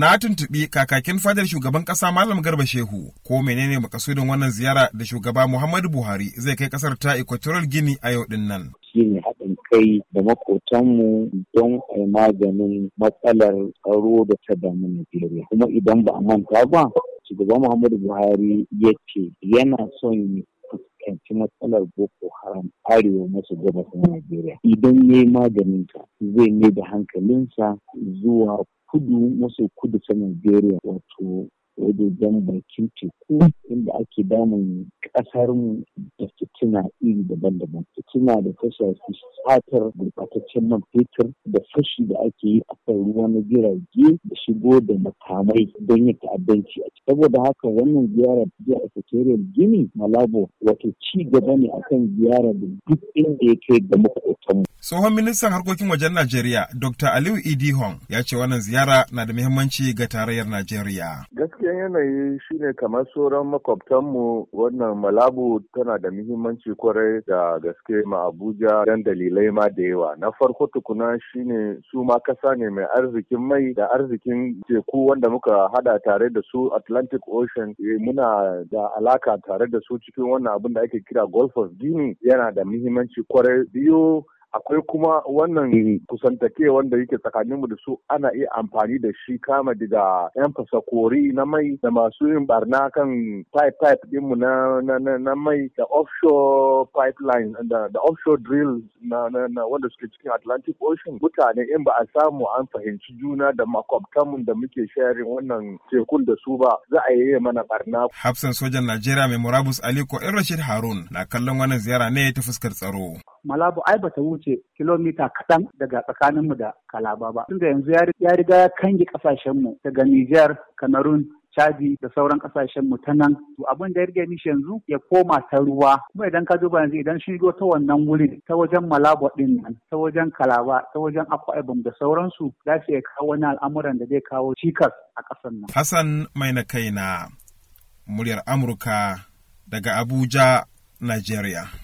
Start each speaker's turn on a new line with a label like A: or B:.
A: na tuntuɓi kakakin fadar shugaban ƙasa Malam Garba Shehu ko menene makasudin wannan ziyara da shugaba Muhammadu Buhari zai kai ƙasar ta Equatorial gini a yau din nan.
B: shine haɗin kai da makotanmu don a maganin matsalar tsaro da ta damu Najeriya. Kuma idan ba a manta ba, shugaban Muhammadu Buhari ya ce yana son fuskanci matsalar Boko Haram arewa masu gabas na Najeriya. Idan ya yi maganinta zai mai da hankalinsa zuwa kudu maso kudu ta Najeriya wato wajen bakin teku inda ake damun kasar mu da fitina iri daban-daban. Fitina da social gurɓatar gurɓataccen man fetur da fashi da ake yi a kan ruwa na jirage da shigo da makamai don yin ta'addanci a saboda haka wannan ziyarar jiya a sakairiyar gini malabo wato ci gaba ne akan ziyara da duk inda ya kai da makwabtanmu.
A: tsohon ministan harkokin wajen najeriya dr aliyu idi hong ya ce wannan ziyara na da muhimmanci ga tarayyar najeriya
C: gaskiyan yanayi shine kamar sauran makwabtanmu wannan malabo tana da muhimmanci kwarai da gaske ma abuja dan dalilai dalilai ma da yawa na farko tukuna shine su ma kasa ne mai arzikin mai da arzikin teku wanda muka hada tare da su Atlantic Ocean eh, muna da alaka tare da su cikin wannan abin da ake kira golf of Guinea yana da muhimmanci kwarai biyu akwai kuma wannan kusantake wanda yake tsakaninmu da su ana iya amfani da shi kama daga yan fasakori na mai da masu yin barna kan pipe pipe dinmu na, na, mai da offshore pipeline da, da offshore drill na, wanda suke cikin atlantic ocean mutane in ba a samu an fahimci juna da makwabtanmu da muke sharing wannan tekun da su ba za a yi mana barna.
A: hafsan sojan najeriya mai murabus aliko in rashid harun na kallon wannan ziyara ne ta fuskar tsaro.
D: Malabo ai bata wuce kilomita kaɗan daga tsakaninmu da Kalaba ba. Tunda yanzu ya riga ya kange ƙasashenmu daga Nijar, Cameroon, Chadi da sauran kasashen mu ta nan to abin da ya rige mishi yanzu ya koma ta ruwa kuma idan ka duba yanzu idan shigo ta wannan wurin ta wajen Malabo din nan ta wajen Kalaba ta wajen Akwa da sauransu za su iya kawo wani al'amuran da zai kawo cikas
A: a ƙasar nan Hassan mai na kaina muryar Amurka daga Abuja Nigeria